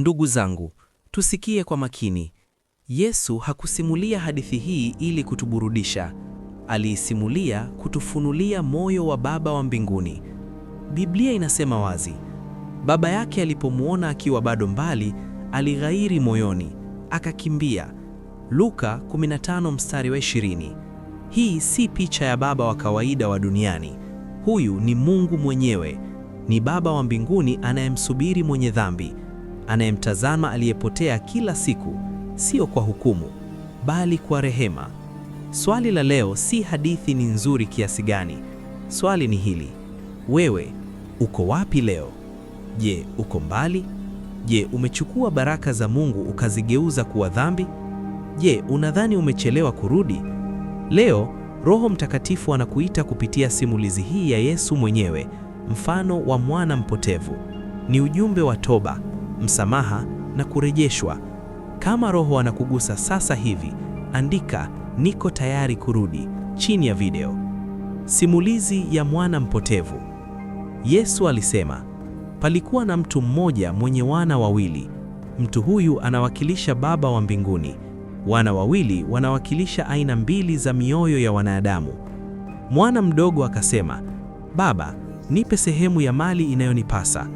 Ndugu zangu, tusikie kwa makini. Yesu hakusimulia hadithi hii ili kutuburudisha. Aliisimulia kutufunulia moyo wa Baba wa mbinguni. Biblia inasema wazi, baba yake alipomwona akiwa bado mbali, alighairi moyoni, akakimbia. Luka 15 mstari wa 20. Hii si picha ya baba wa kawaida wa duniani. Huyu ni Mungu mwenyewe. Ni Baba wa mbinguni anayemsubiri mwenye dhambi anayemtazama aliyepotea kila siku, sio kwa hukumu, bali kwa rehema. Swali la leo si hadithi ni nzuri kiasi gani. Swali ni hili: wewe uko wapi leo? Je, uko mbali? Je, umechukua baraka za Mungu ukazigeuza kuwa dhambi? Je, unadhani umechelewa kurudi? Leo Roho Mtakatifu anakuita kupitia simulizi hii ya Yesu mwenyewe, mfano wa mwana mpotevu. Ni ujumbe wa toba msamaha na kurejeshwa. Kama Roho anakugusa sasa hivi, andika niko tayari kurudi chini ya video. Simulizi ya mwana mpotevu. Yesu alisema, palikuwa na mtu mmoja mwenye wana wawili. Mtu huyu anawakilisha Baba wa mbinguni. Wana wawili wanawakilisha aina mbili za mioyo ya wanadamu. Mwana mdogo akasema, Baba, nipe sehemu ya mali inayonipasa.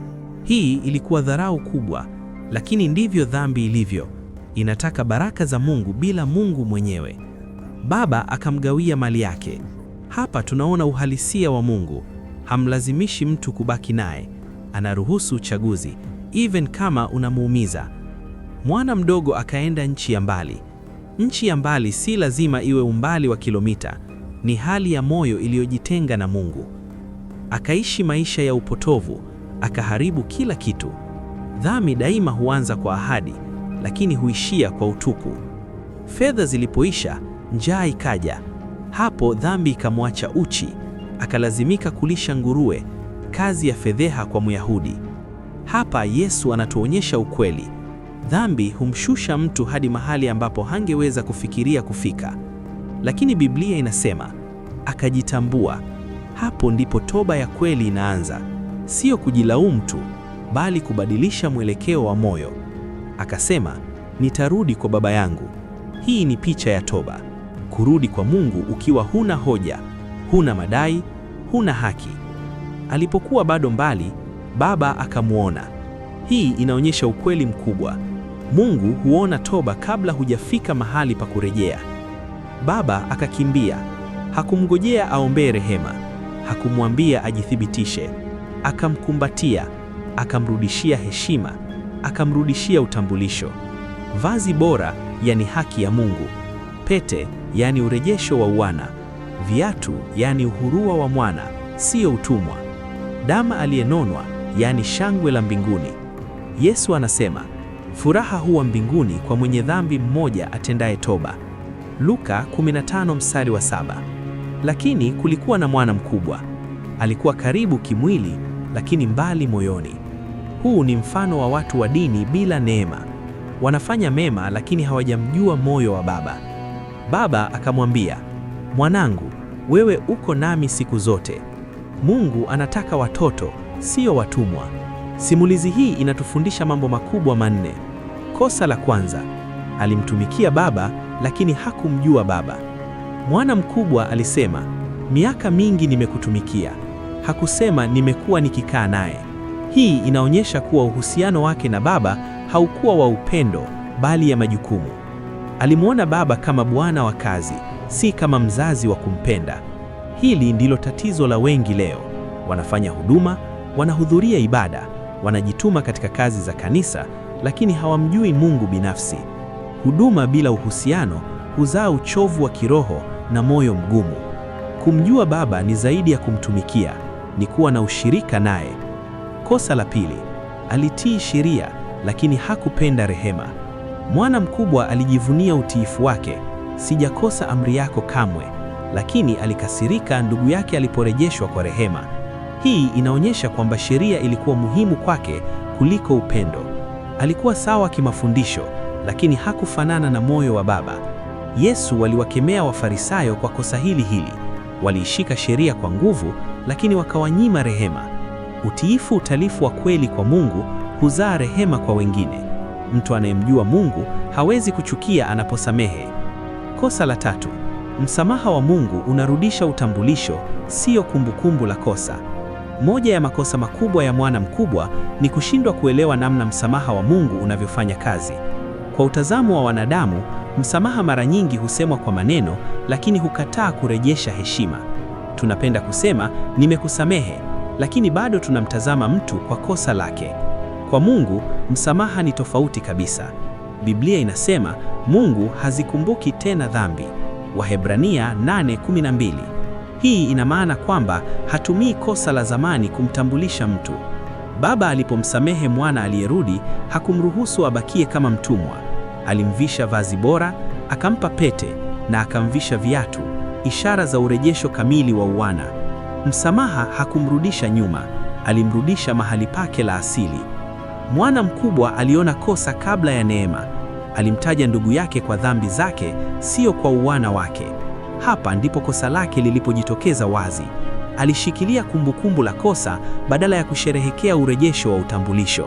Hii ilikuwa dharau kubwa, lakini ndivyo dhambi ilivyo. Inataka baraka za Mungu bila Mungu mwenyewe. Baba akamgawia mali yake. Hapa tunaona uhalisia wa Mungu. Hamlazimishi mtu kubaki naye, anaruhusu uchaguzi, even kama unamuumiza. Mwana mdogo akaenda nchi ya mbali. Nchi ya mbali si lazima iwe umbali wa kilomita, ni hali ya moyo iliyojitenga na Mungu. Akaishi maisha ya upotovu akaharibu kila kitu. Dhambi daima huanza kwa ahadi, lakini huishia kwa utupu. Fedha zilipoisha, njaa ikaja. Hapo dhambi ikamwacha uchi, akalazimika kulisha nguruwe, kazi ya fedheha kwa Myahudi. Hapa Yesu anatuonyesha ukweli. Dhambi humshusha mtu hadi mahali ambapo hangeweza kufikiria kufika. Lakini Biblia inasema akajitambua. Hapo ndipo toba ya kweli inaanza sio kujilaumu tu, bali kubadilisha mwelekeo wa moyo. Akasema, nitarudi kwa baba yangu. Hii ni picha ya toba, kurudi kwa Mungu ukiwa huna hoja, huna madai, huna haki. Alipokuwa bado mbali, baba akamwona. Hii inaonyesha ukweli mkubwa. Mungu huona toba kabla hujafika mahali pa kurejea. Baba akakimbia. Hakumngojea aombee rehema, hakumwambia ajithibitishe akamkumbatia, akamrudishia heshima, akamrudishia utambulisho. Vazi bora, yani haki ya Mungu; pete, yani urejesho wa uwana; viatu, yani uhurua wa mwana, siyo utumwa; dama aliyenonwa, yani shangwe la mbinguni. Yesu anasema furaha huwa mbinguni kwa mwenye dhambi mmoja atendaye toba. Luka 15 mstari wa saba. Lakini kulikuwa na mwana mkubwa, alikuwa karibu kimwili lakini mbali moyoni. Huu ni mfano wa watu wa dini bila neema, wanafanya mema lakini hawajamjua moyo wa Baba. Baba akamwambia, mwanangu, wewe uko nami siku zote. Mungu anataka watoto, sio watumwa. Simulizi hii inatufundisha mambo makubwa manne. Kosa la kwanza, alimtumikia Baba lakini hakumjua Baba. Mwana mkubwa alisema, miaka mingi nimekutumikia hakusema nimekuwa nikikaa naye. Hii inaonyesha kuwa uhusiano wake na baba haukuwa wa upendo bali ya majukumu. Alimwona baba kama bwana wa kazi, si kama mzazi wa kumpenda. Hili ndilo tatizo la wengi leo. Wanafanya huduma, wanahudhuria ibada, wanajituma katika kazi za kanisa, lakini hawamjui Mungu binafsi. Huduma bila uhusiano huzaa uchovu wa kiroho na moyo mgumu. Kumjua baba ni zaidi ya kumtumikia, ni kuwa na ushirika naye. Kosa la pili, alitii sheria lakini hakupenda rehema. Mwana mkubwa alijivunia utiifu wake, sijakosa amri yako kamwe, lakini alikasirika ndugu yake aliporejeshwa kwa rehema. Hii inaonyesha kwamba sheria ilikuwa muhimu kwake kuliko upendo. Alikuwa sawa kimafundisho, lakini hakufanana na moyo wa Baba. Yesu waliwakemea Wafarisayo kwa kosa hili hili. Waliishika sheria kwa nguvu lakini wakawanyima rehema. Utiifu, utalifu wa kweli kwa Mungu huzaa rehema kwa wengine. Mtu anayemjua Mungu hawezi kuchukia anaposamehe. Kosa la tatu, msamaha wa Mungu unarudisha utambulisho, siyo kumbukumbu la kosa. Moja ya makosa makubwa ya mwana mkubwa ni kushindwa kuelewa namna msamaha wa Mungu unavyofanya kazi. Kwa utazamo wa wanadamu, msamaha mara nyingi husemwa kwa maneno, lakini hukataa kurejesha heshima. Tunapenda kusema nimekusamehe, lakini bado tunamtazama mtu kwa kosa lake. Kwa Mungu msamaha ni tofauti kabisa. Biblia inasema Mungu hazikumbuki tena dhambi, Wahebrania 8:12. Hii ina maana kwamba hatumii kosa la zamani kumtambulisha mtu. Baba alipomsamehe mwana aliyerudi, hakumruhusu abakie kama mtumwa. Alimvisha vazi bora, akampa pete na akamvisha viatu ishara za urejesho kamili wa uwana. Msamaha hakumrudisha nyuma, alimrudisha mahali pake la asili. Mwana mkubwa aliona kosa kabla ya neema. Alimtaja ndugu yake kwa dhambi zake, sio kwa uwana wake. Hapa ndipo kosa lake lilipojitokeza wazi. Alishikilia kumbukumbu la kosa badala ya kusherehekea urejesho wa utambulisho.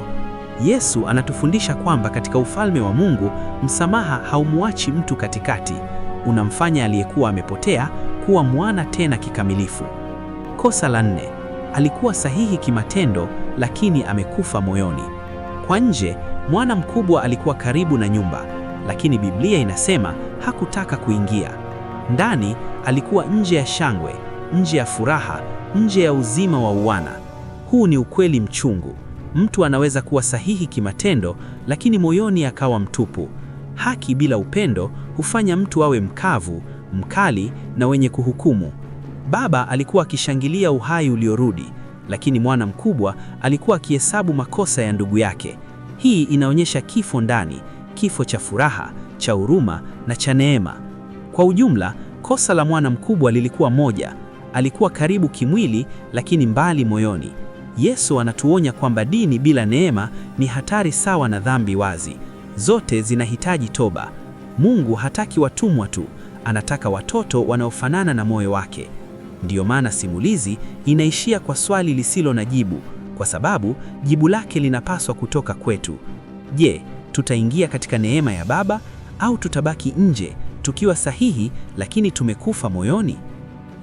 Yesu anatufundisha kwamba katika ufalme wa Mungu, msamaha haumuachi mtu katikati unamfanya aliyekuwa amepotea kuwa mwana tena kikamilifu. Kosa la nne, alikuwa sahihi kimatendo lakini amekufa moyoni. Kwa nje, mwana mkubwa alikuwa karibu na nyumba, lakini Biblia inasema hakutaka kuingia. Ndani alikuwa nje ya shangwe, nje ya furaha, nje ya uzima wa uwana. Huu ni ukweli mchungu. Mtu anaweza kuwa sahihi kimatendo lakini moyoni akawa mtupu haki bila upendo hufanya mtu awe mkavu, mkali na wenye kuhukumu. Baba alikuwa akishangilia uhai uliorudi, lakini mwana mkubwa alikuwa akihesabu makosa ya ndugu yake. Hii inaonyesha kifo ndani, kifo cha furaha, cha huruma na cha neema. Kwa ujumla, kosa la mwana mkubwa lilikuwa moja, alikuwa karibu kimwili lakini mbali moyoni. Yesu anatuonya kwamba dini bila neema ni hatari sawa na dhambi wazi. Zote zinahitaji toba. Mungu hataki watumwa tu, anataka watoto wanaofanana na moyo wake. Ndiyo maana simulizi inaishia kwa swali lisilo na jibu, kwa sababu jibu lake linapaswa kutoka kwetu. Je, tutaingia katika neema ya Baba au tutabaki nje tukiwa sahihi lakini tumekufa moyoni?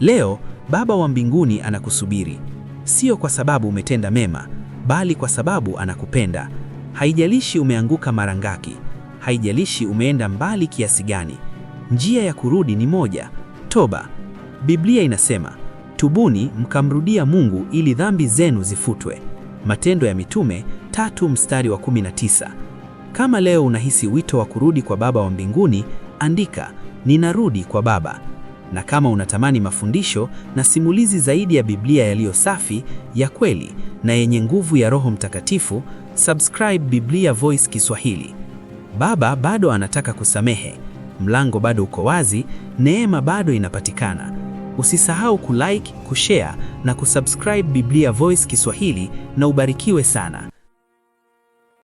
Leo Baba wa mbinguni anakusubiri, sio kwa sababu umetenda mema, bali kwa sababu anakupenda. Haijalishi umeanguka mara ngapi, haijalishi umeenda mbali kiasi gani, njia ya kurudi ni moja: toba. Biblia inasema tubuni mkamrudia Mungu ili dhambi zenu zifutwe, Matendo ya Mitume tatu mstari wa 19. Kama leo unahisi wito wa kurudi kwa Baba wa mbinguni, andika ninarudi kwa Baba. Na kama unatamani mafundisho na simulizi zaidi ya Biblia yaliyo safi, ya kweli na yenye nguvu ya Roho Mtakatifu Subscribe Biblia Voice Kiswahili. Baba bado anataka kusamehe, mlango bado uko wazi, neema bado inapatikana. Usisahau kulike, kushare na kusubscribe Biblia Voice Kiswahili na ubarikiwe sana.